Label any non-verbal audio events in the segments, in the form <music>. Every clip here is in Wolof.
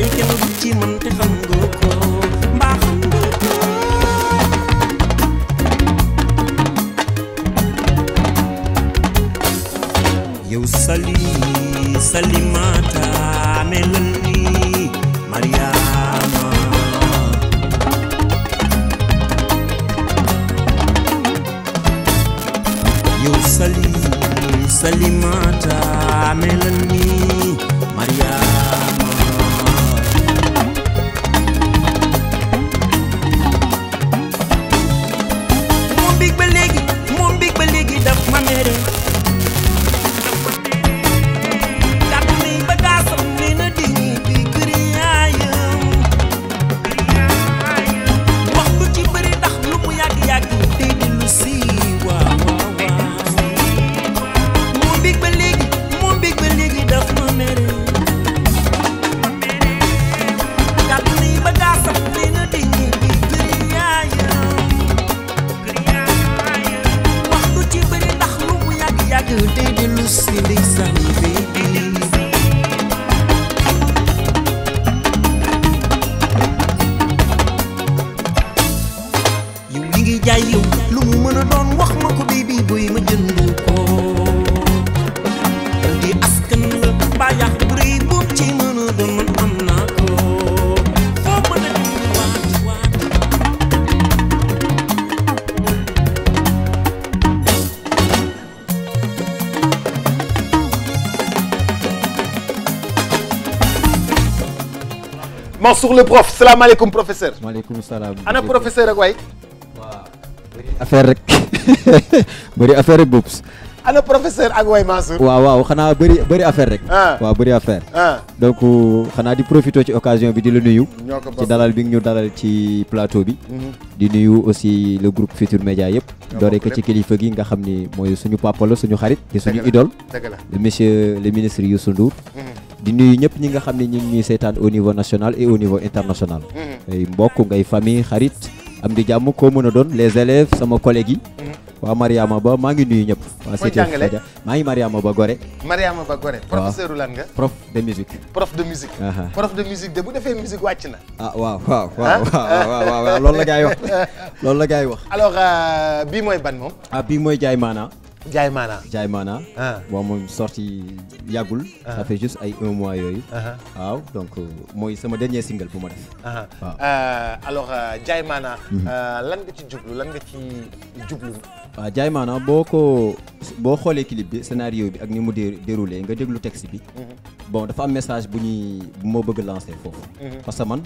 I can see jaay yow lu mu mën a doon wax ma ko béy bii buy ma jënd ko di askan la baa yàq bu rëy boob ci mën a doon man am naa ko foo mën a dem waat waat Mansour le prof salaamaaleykum professeur. maaleykum salaam. ana professeur ak waay. affaire rek <laughs> bëri affaire rek boobu. ana professeur waaw waaw xanaa bëri bëri affaire rek. Ah. waaw bëri affaire. Ah. donc xanaa di profité ci occasion bi di la nuyu. ci dalal bi nga ñu dalal ci plateau bi. Mhm. di nuyu aussi le groupe Futur Média yëpp. doore ko ci kilifa gi nga xam ni mooy suñu papa la suñu xarit. di suñu idole le monsieur le ministre Youssou Ndour. Mhm. di nuyu ñëpp ñi nga xam ne ñu ngi ñuy seetaan au niveau national et au niveau international. Mhm. mbokk ngay famille xarit. am di jàmm koo mën a doon les élèves sama collègue yi. Mm-hmm. waa Mariama Ba maa ngi nuyu ñëpp. waa CETI maa ngi Mariama Ba Gore. Mariama Ba Gore professeur lan nga. prof de musique. prof de musique. prof de musique de bu defee musique wàcc na. ah waaw waaw waaw ah. waaw loolu la gaa yi wax <laughs> loolu la gars yi wax. alors euh, bii mooy ban moom. ah bii mooy jaay maanaa. jaay maanaa jaay maanaa ah. waaw moom sorti yàggul ah. ça fait juste ay un mois yooyu ah. waaw donc euh, mooy sama dernier single bu ma def euh, euh, jaay maanaa mhm. lan ci jublu lan nga ci jaay maanaa boo ko boo xoolee clip bi scénario bi ak ni mu déroulé nga déglu texte bi mhm. bon dafa am message bu ñuy bu ma bëgg lancer foofu mhm. parce que man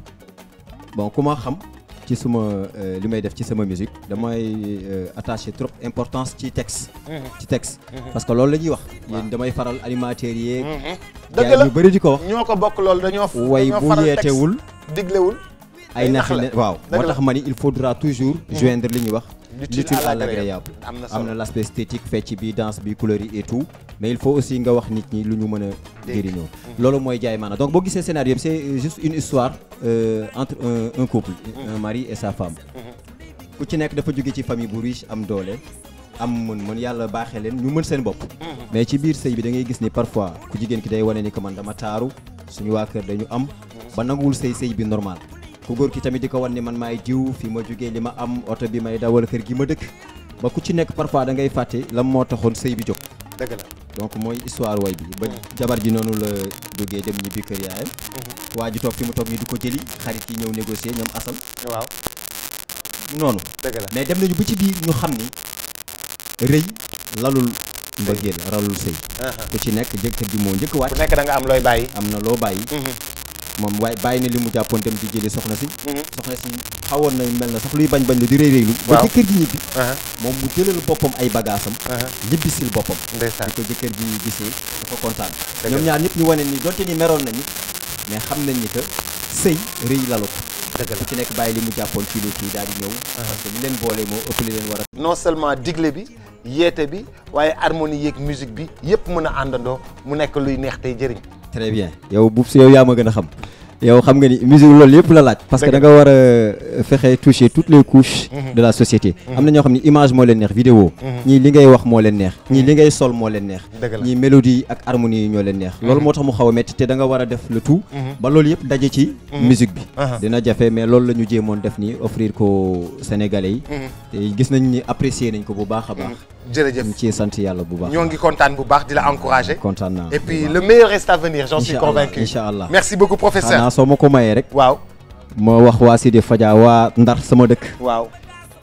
bon ku xam ci suma euh, li may def ci sama musique damay euh, attaché trop importance ci texte. Mhm. ci texte mhm. parce que loolu la ñuy wax. yéen damay faral animateurs yeeg. Mhm. dëgg bëri di ko wax. ñoo ko bokk loolu dañoo faral way bu yeetewul diglewul ay nax waaw moo tax ma ni il faudra toujours joindre li ñuy wax. l'utile à l'agréable am na l'aspect esthétique fecc bi danse bi couleur yi et tout mais il faut aussi nga wax nit ñi lu ñu mën a jëriñoo loolu mooy jaay maanaam donc boo gisee scénario bi c'est juste une histoire euh, entre un, un couple mari et sa femme mm-hmm. ku ci nekk dafa jóge ci famille bu riche am doole am mën mën yàlla baaxee leen ñu mën seen bopp mm-hmm. mais ci biir sëy bi da ngay gis ni parfois ku jigéen ki day wane ni que man dama taaru suñu waa kër dañu am ba nanguwul sëy sëy bi normal ku góor ki tamit di ko wan ni man maay jiw fi ma jógee li ma am oto bi may dawal kër gi ma dëkk ba ku ci nekk parfois da ngay fàtte lan moo taxoon sëy bi jóg dëgg la donc mooy histoire way bi ba hmm. jabar ji noonu la jógee dem ñibbi kër yaayam hmm. waa ji toog fi mu toog ni du ko jëli xarit yi ñëw négocier ñoom asal waaw noonu dëgg la mais dem nañu ba ci biir ñu xam ni rëy lalul mbëggeel ralul sëy hmm. ku ci nekk jëkkër ji moo njëkk wàcc ku nekk da nga am looy bàyyi am na loo bàyyi moom waaye bàyyi na li mu jàppoon dem di jëli soxna si mhm. soxna si xawoon na mel na sax luy bañ bañ lu di réy réylu ba jëkkër ji ñibbi uh-huh. moom mu jëlal boppam ay bagaasam uh-huh. ñibbisil boppam di ko jëkkër ji gisee dafa kontaan ñoom ñaar ñëpp ñu wane nii donte ni meroon nañu mais xam nañ ni que sëy rëy lalu ko ci nekk bàyyi li mu jàppoon kii kii daal di ñëw uh-huh. parce que li leen boole moo ëpp li leen war a non seulement digle bi yeete bi waaye harmonie yeeg musique bi yëpp mën a àndandoo mu nekk luy neex tey jëriñ très bien yow bu si yow gën a xam yow xam nga ni musique loolu yëpp la laaj parce que da nga a euh, fexe toucher toutes les couches mhm. de la société mhm. am na ñoo xam ne image moo leen neex vidéo mhm. ñii li ngay wax moo leen neex ñii li ngay sol moo leen neex ñii mélodie ak harmonie yi ñoo leen neex loolu moo tax mu xaw a métti te da nga a def le tout ba loolu yëpp daje ci musique bi uh-huh. dina jafe mais loolu la jéemoon def ni offrir ko sénégalais yi te gis nañ ni apprécier jërëjëf ci sant yàlla bu baax ñoo ngi kontaan bu baax di la encourager. kontaan naa et puis le meilleur merci beaucoup professeur xanaa ko mayee rek waaw ma wax waa Sidi Fadia waa Ndar sama dëkk waaw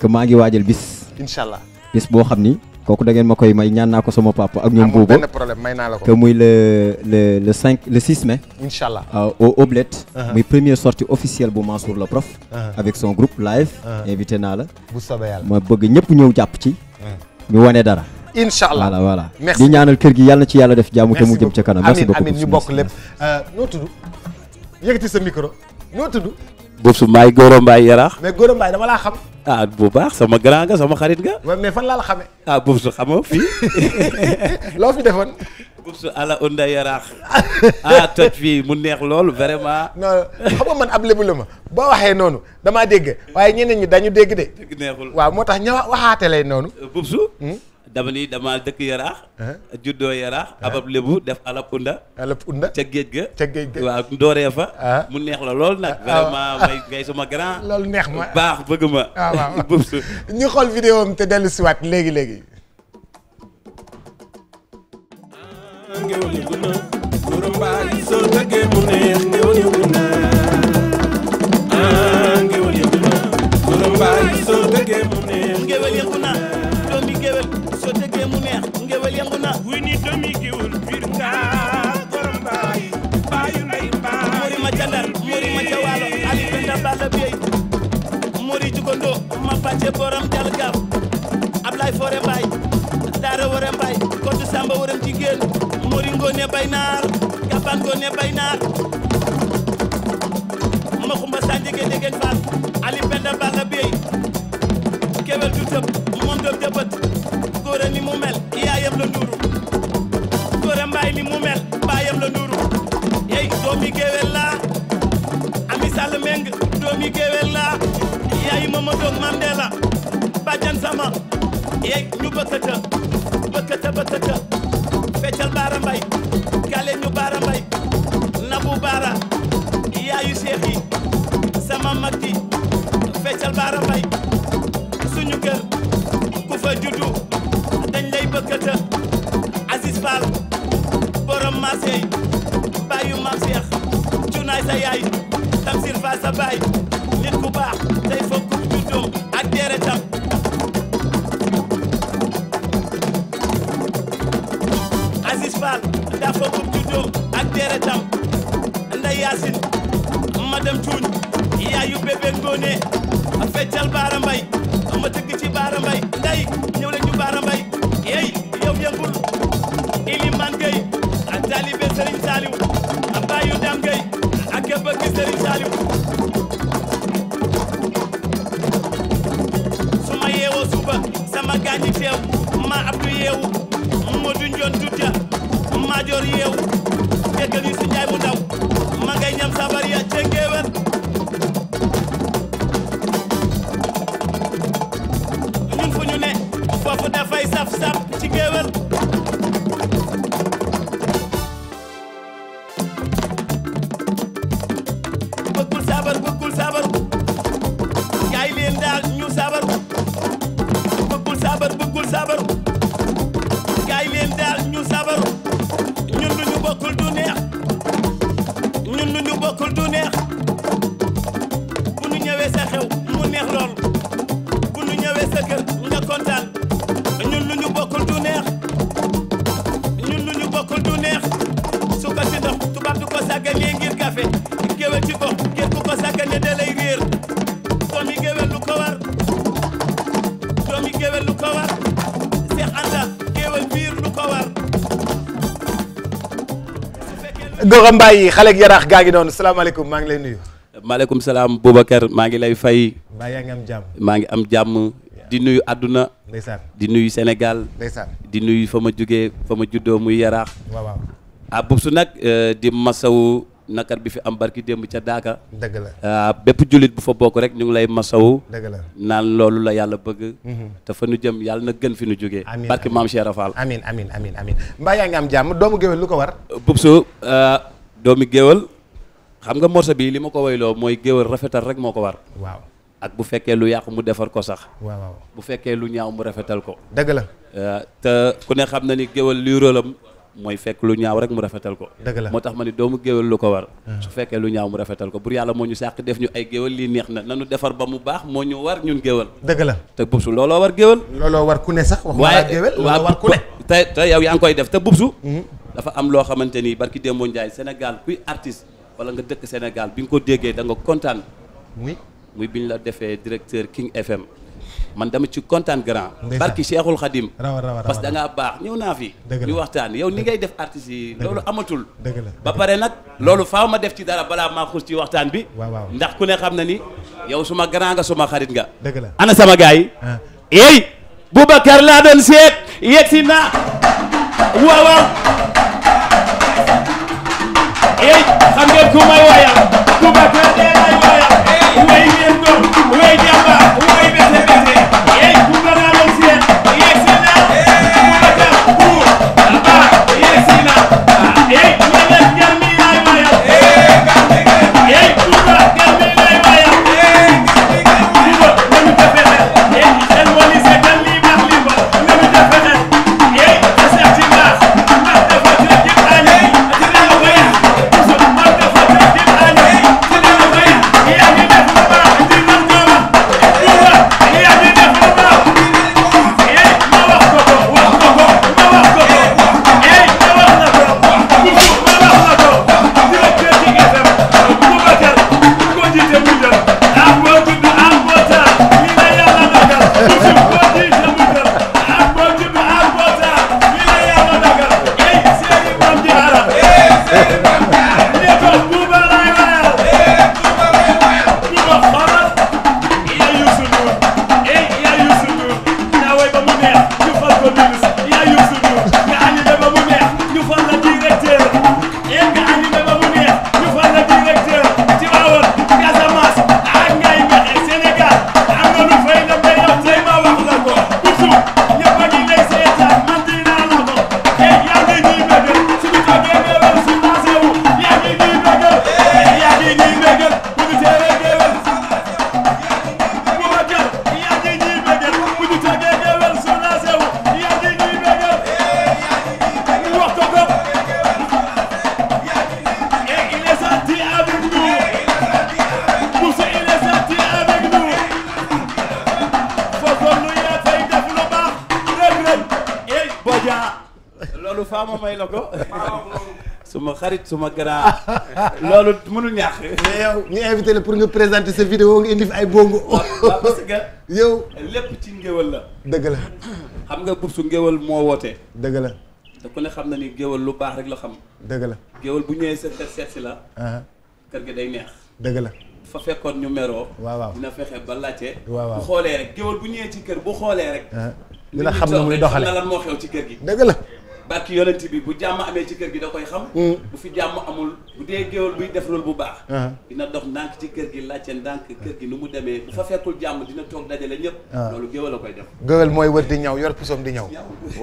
maa ngi waajal bis incha allah bis boo xam ni kooku da ngeen ma koy may ñaan naa ko sama papa ak ñoom boobu problème may naa la ko muy le le le 5 le 6 mai incha allah ah, au Oblette uh-huh. muy première sortie officielle bu Mansour le prof uh-huh. avec son uh-huh. naa la bu soobee yàlla ma bëgg ñëpp ñëw jàpp ci ñu wane dara incha allah voilà voilà merci ñaanal kër gi yàlla ci yàlla def jàmm te mu jëm ca kanam merci beaucoup amiin amiin ñu bokk lépp euh, noo tudd yëkkati sa micro noo tudd Boups Mbaye Goro Mbaye Yaraax. mais Goro dama laa xam. ah bu baax sama grand nga sama xarit nga. mais fan laa la xamee. ah Boups xamoo fii. loo fi defoon. Boups ala onda Yaraax ah toj fii mu neex lool vraiment. non man ab lébu la ma boo waxee noonu damaa dégg waaye ñeneen ñi dañu dégg de. dégg neexul moo tax ña waxaate lay noonu. Boups. dama ni dama dëkk yaraax uh-huh. juddoo yaraax uh-huh. abab lébu def alab unda ca géej ga ca géej ga waaw dooree uh-huh. mu neex la lool nag vraiment may ngay suma grand <laughs> loolu neex ma baax bëgg ma ah, waaw waaw <laughs> ñu xool vidéo am te dellu siwaat léegi léegi woyee mu neex ngéwél yëngu na wini domi giwul biir ngaa borom baay baayu ndey baay mori ma ca Ndar mori ma ca Waalo ali benda balla bey mori jugandoo ma pàcce borom jal gaaf Ablaay Foore Mbaay Daara Wore Mbaay Kotu Samba Wore jigéen mori ngoone bay naar gaban ngoone bay naar ma xumba saa njege degen faal ali benda balla bey kewel du tëb moom doob jëbët Gora ni mu mel yaayam la nuru Gora Mbaye ni mu mel baayam la nuru yey doomi géwél la a Sall Meng doomi géwél la yaay Mamadou Mandela bàjjan sama yey ñu bëkkata bëkkata bëkkata feccal baara mbay marché yi bàyyu maam Seex cunaay sa yaay tamsir fa ak deretam Aziz Fall daa foog ku juddoo ak deretam Ndey Yaasin madame feccal Baara ma tëgg ci nday ñëw leen ñu Baara Saliou su ma yeewoo suba sama gaañi ma Abdou yeewu Modou Ndion Dutia Madior yeewu déggal yu si Njaay mu daw ma ngay ñam sabar ya cengewel ñun fu ñu ne foofu dafay saf ci géwél du sabaru ñun lu ñu bokkul du neex ñun lu ñu bokkul du neex Gora Mbaye yi xale yaraax gaa ngi noonu salaamaaleykum maa ngi lay nuyu. maaleykum salaam Boubacar maa ngi lay fay. mbaa yaa ngi maa ngi am jàmm di nuyu àdduna. ndeysaan di nuyu Sénégal. di nuyu fa ma jóge fa ma juddoo muy yaraax. waaw waaw ah nag eh, di masawu. nakar bi fi am barki démb ca daaka dëgg la ah, bépp jullit bu fa bokk rek ñu ngi lay masawu dëgg la naan loolu la yàlla bëgg mhm. te fa nu jëm yàlla na gën fi nu jógee barki maam Cheikh Rafal amin amin amin amin mbaa yaa ngi am jàmm doomu géwél lu ko war bubsu ah, doomi géwél xam nga morceau bi li ma ko wayloo mooy géwél rafetal rek moo ko war waaw ak bu fekkee lu yàqu mu defar ko sax bu fekkee lu ñaaw mu rafetal ko dëgg la ah, te ku ne xam na ni géwél luy rôlam mooy fekk lu ñaaw rek mu rafetal ko moo tax ma ni doomu géwél lu ko war ah. su fekkee lu ñaaw mu rafetal ko pour yàlla moo ñu sàq def ñu ay géwél lii neex na nanu defar ba mu baax moo ñu war ñun géwél dëgg la te bubsu looloo war géwél looloo war ku ne sax wax waaye géwél looloo ku ne te te yow yaa ngi koy def te bubsu mm-hmm. dafa am loo xamante nii barki Dembo Ndiaye Sénégal kuy artiste wala nga dëkk Sénégal bi nga ko déggee da nga kontaan muy muy bi ñu la defee directeur King FM man dama ci kontaan grand barki Cheikhul Khadim parce que baax ñëw naa fi ñu waxtaan yow ni ngay def artistes yi loolu amatul ba pare nag loolu faaw ma def ci dara balaa maa xuus ci waxtaan bi ndax ku ne xam na ni yow suma grand nga suma xarit nga ana sama gars yi eey ah. Boubacar laa doon seet yegsi naa waaw loolu <laughs> faa ma may la ko. suma xarit suma grand <laughs> loolu mënul ñàkk. mais yow ñu invité la pour nga présenter sa vidéo nga indi fi ay bongo. waaw parce que. <laughs> yow lépp ci ngéwal la. dëgg la. xam nga su ngéwal moo wootee dëgg la. te ku ne xam na ni géwal lu baax rek la xam. dëgg la géwal bu ñëwee sa kër si la. Uh-huh. kër gi day neex. dëgg la. fa fekkoon ñu meroo. waaw waaw dina fexe ba laajte. waaw waaw bu xoolee rek géwal bu ñëwee ci kër bu xoolee rek. Uh-huh. dina xam ne muy doxale dina la moo xew ci kër gi. dëgg la. barki yonent bi bu jàmm amee ci kër gi da koy xam hmm. bu fi jàmm amul bu dee géwél buy def loolu bu baax ah. dina dox ndànk ci kër gi laajte ndànk kër gi nu mu demee bu fa fekkul jàmm dina toog dajale ñëpp ah. loolu géwél la koy def géwél mooy wër di ñaw yor pusoom di ñaw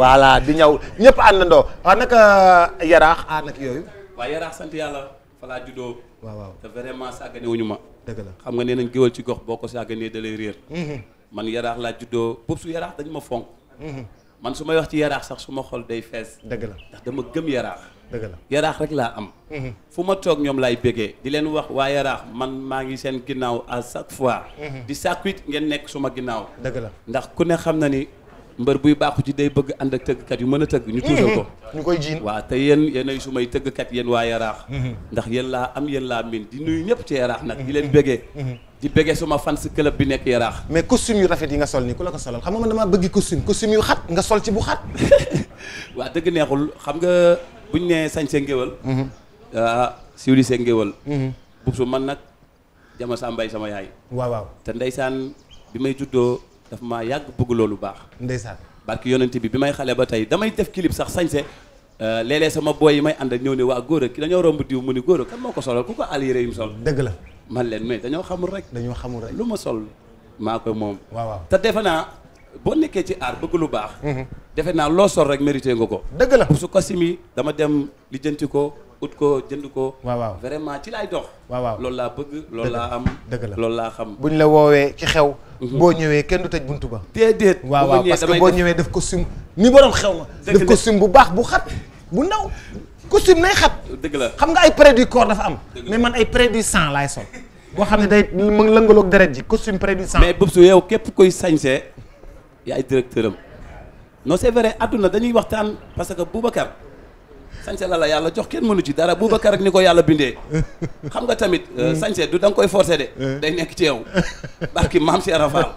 voilà di ñaw ñëpp àndandoo waaw a yaraax aar ah, nag yooyu waaye yaraax sant yàlla falaa juddoo waaw waaw te vraiment sàggane wuñu ma dëgg la xam nga nee nañ géwél ci gox boo ko sàgganee da lay réer hmm. ma fonk hmm. man su may wax ci yaraax sax su ma xol day fees. dëgg la ndax dama gëm yaraax. dëgg la yaraax rek laa am. Mhm. fu ma toog ñoom laay bégee di leen wax waa yaraax man maa ngi seen ginnaaw à chaque fois. Mhm. di sàkku it ngeen nekk suma ginnaaw. dëgg la ndax ku ne xam na ni mbër buy baaxu ci day bëgg ànd ak tëggkat yu mën a tëgg ñu tuusal ko mhm. ñu koy jiin waaw te yéen yéenay su may tëggkat yéen waa yaraax mhm. ndax yéen laa am yéen laa min di nuyu ñëpp ci yaraax nag di leen mhm. bégee di béggee suma fan si club bi nekk yaraax mais costume yu rafet yi nga sol nii ku la ko solal xam nga man damaa bëgg costume costume yu xat nga sol ci bu xat <laughs> waa dëgg neexul xam nga buñ nee sañ see ngéwal waa ah, siwli see ngéwal bub su man nag jama sa yaay daf maa yàgg bëgg loolu baax. ndeysaan barki yonent bi bi may xale ba tey damay def clip sax sañse euh, léeg sama booy yi may ànd ak ñëw ne waa góor a ki dañoo romb diw mu ni góor a kan moo ko solal ku ko àll yére sol. dëgg la man leen mais dañoo xamul rek. dañoo xamul rek lu ma sol maa ko moom. waaw waaw te defe naa boo nekkee ci aar bëgg lu baax. Mhm. defe naa loo sol rek mérité nga ko. dëgg la su ko simi dama dem lijjanti ko ut ko jënd ko. waaw waaw vraiment ci laay dox. waaw waaw loolu laa bëgg. loolu laa am dëgg la loolu laa xam. buñ la woowee ci xew. Mhm. boo ñëwee kenn du tëj buntu ba. déedéet waaw waaw parce que boo ñëwee def ko sim ni borom xew ma. daf ko bu baax bu xat bu ndaw. costume nay xat. dëgg la xam nga ay produit corps dafa am. mais man ay produit sang laay sol. boo xam ne day mu ngi lëngaloog deret ji costume produit sang. mais Boubsou yow képp koy sañse yaay directeur am non c'est vrai adduna dañuy waxtaan parce que Boubacar sañse la la yàlla jox kenn mënu ci dara Boubacar ak ni ko yàlla bindee xam nga tamit euh, sañse du da nga koy forcer de <laughs> day nekk ci yow barki maam Cheikh Rafal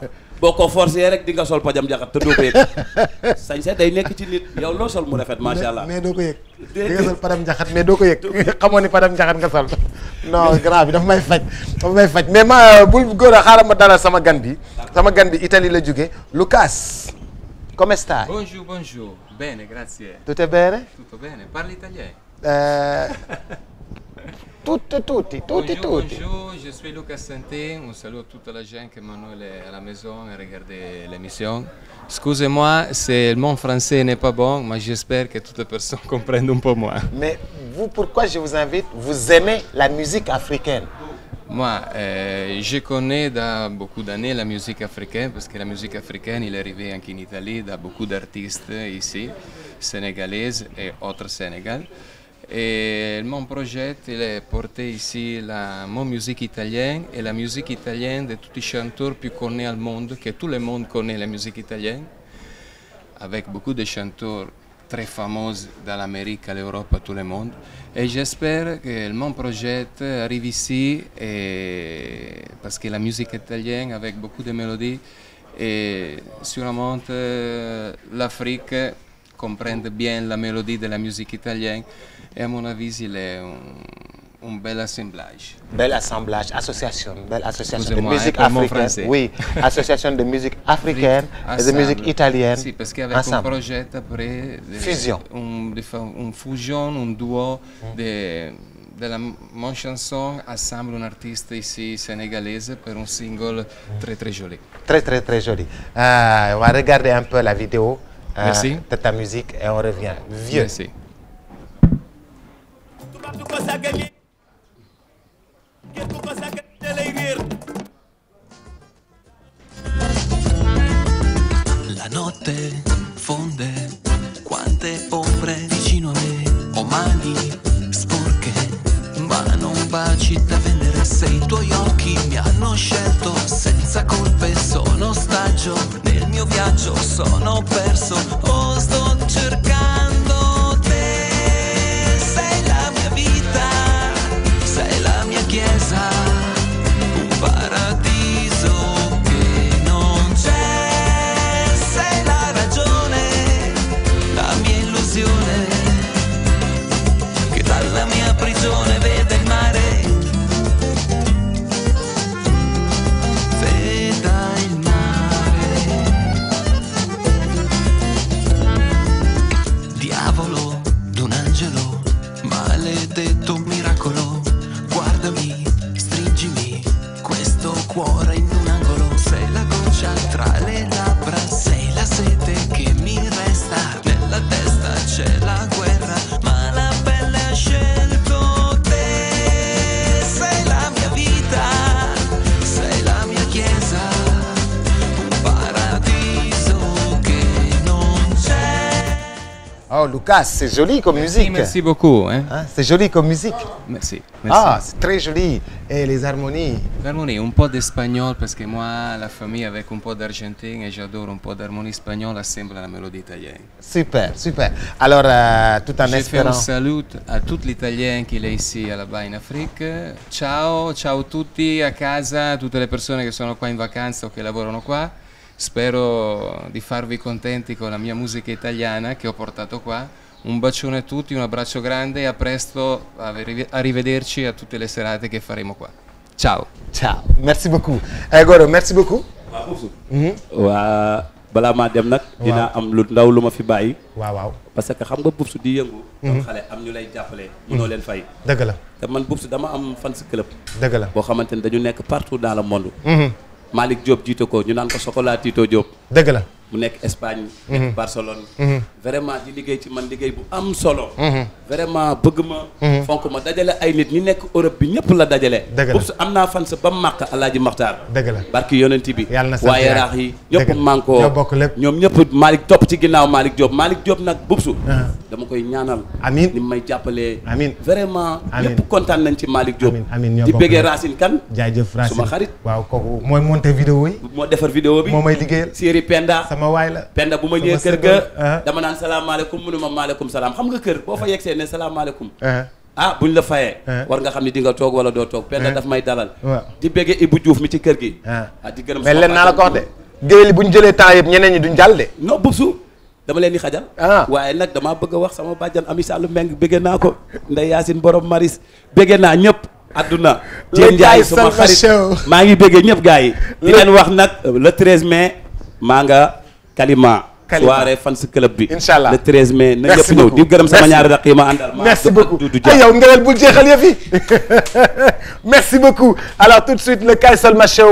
boo ko forcé rek di nga sol pajam jaxat te doo ko yëg sañse day nekk ci nit yow loo sol mu rafet macha allah mais doo ko yëg <laughs> di sol padam jaxat mais doo ko yëg xamoon ni padam jaxat nga sol non grand bi dafa may faj dafa may faj mais ma euh, bul góor a xaaral ma dalal sama gan bi sama gan bi Italie la jóge Lucas come stai? bonjour bonjour bene <laughs> tutte, tutti, tutti, bonjour, tutti. Bonjour, je suis Lucas Santin. Un saluto a tutta la gente che Manuel à la maison et regardez l'émission. Excusez-moi, c'est mon français n'est pas bon, mais j'espère que toutes les personnes <laughs> comprennent un peu moins. Mais vous, pourquoi je vous invite Vous aimez la musique africaine moi, euh, je connais da beaucoup d'années la musique africaine parce que la musique africaine il est arrivée anche in Italie da beaucoup d'artistes ici, sénégalaise et autres sénégal. Et mon projet est de ici la, mon musique italienne et la musique italienne de tous les chanteurs plus connus au monde, que tout le monde connaît la musique italienne, avec beaucoup de chanteurs très fameuses dans l'Amérique, l'Europe, tout le monde. Et j'espère que parce que la musique italienne, avec beaucoup de mélodies, et sûrement l'Afrique comprend bien la mélodie de la musique italienne. Et à mon avis, il est un, un bel assemblage. Bel assemblage, association, belle <laughs> association de musique africaine. Oui, association de musique africaine et de musique italienne. Si, parce qu'avec un projet après... De, fusion. Une un fusion, un duo mm. de de la mon chanson assemble un artiste ici sénégalaise pour un single très très joli. Très très très joli. Euh, on va regarder un peu la vidéo euh, Merci. de ta musique et on revient. Vieux. Merci. ndax du ko sàggane kenn du ko sàggane da lay réer la notte fonde quante ombre vicino a me ho mani sporche ma non baci da vendere se i tuoi occhi mi hanno scelto senza colpe sono ostaggio nel mio viaggio sono perso cas, c'est joli comme merci, musique. Merci beaucoup. Hein? Hein? Ah, ah, c'est très joli. Et les harmonies. L'harmonie, un peu d'espagnol, parce que moi, la famille avec un peu d'argentine, et j'adore un peu d'harmonie espagnole, ressemble à la mélodie italienne. Super, Alors, euh, tout en Je espérant... Je fais un salut qui sont ici, là in Afrique. Ciao, ciao a tutti, a casa, tutte le persone che sono qua in vacanza o che lavorano qua. Spero di farvi contenti con la mia musica italiana che ho qua. Un bacione a tutti, un abbraccio grande e a presto, arrivederci a tutte le serate che faremo qua. Ciao. Ciao. merci beaucoup. ay eh, Goro merci beaucoup. waaw mhm. waa balaa maa dem nag. dina am lu ndaw lu ma fi bàyyi. waaw waaw parce que xam nga Bubsu di yëngu. Mhm. am xale am ñu lay jàppale. munoo mhm. leen fay. dëgg la te man Bubsu dama am fan si club. boo xamante ni dañu nekk partout dans le monde. Malick Diop jiito ko ñu naan ko Sokola Tito Diop. dëgg la. mu nekk Espagne. Mhm. nekk Barcelone. Mhm. vraiment di liggéey ci man liggéey bu am solo. Mhm. vraiment bëgg ma. fonk ma dajale ay nit ñi nekk Europe bi ñëpp la dajale. dëgg la am naa fan sa ba mu màq Alaaji Maxtaar. dëgg la barki yonent bi. yàlla na sant waaye raax yi ñëpp mànkoo. ñoo bokk lépp ñoom ñëpp Malick topp ci ginnaaw Malick Diop Malick Diop nag ah. dama koy ñaanal. amiin ni may jàppalee. vraiment. amiin kontaan nañ ci Malick Diop. amiin ñoo bokk di bëggee Racine Kane. jaajëf Racine xarit. waaw kooku mooy monté yi. moo defar vidéo bi moo may liggéeyal Siri Penda sama la penda bu ma ñëwee kër ga uh-huh. dama naan salaamaaleykum mu ne ma maaleykum salaam xam nga kër boo fa yegsee ne salaamaaleykum uh-huh. ah buñ la fayee uh-huh. war nga xam ne di nga toog wala doo toog penda daf may dalal di béggee Ibou Diouf mi ci kër gi ah di gërëm mais leen naa la ko wax de bu ñu jëlee temps yëpp ñeneen ñi duñ jàll de non bubsu dama leen di xajal ah. waaye nag damaa bëgg a wax sama bàjjan Ami Sall Meng bégge naa ko Ndeye Yacine borom maris bégge naa ñëpp adduna Diène Ndiaye suma xarit maa ngi béggee ñëpp gars yi di leen wax nag le 13 mai maa nga Kalima. Kalima soirée fans club bi. incha allah le 13 mai. na ñëpp ñëw di gërëm sama ñaari raq yi ma àndal. merci beaucoup ay yow ngewel bul jeexal yëf yi <laughs> merci beaucoup alors tout de suite le Kaysal Show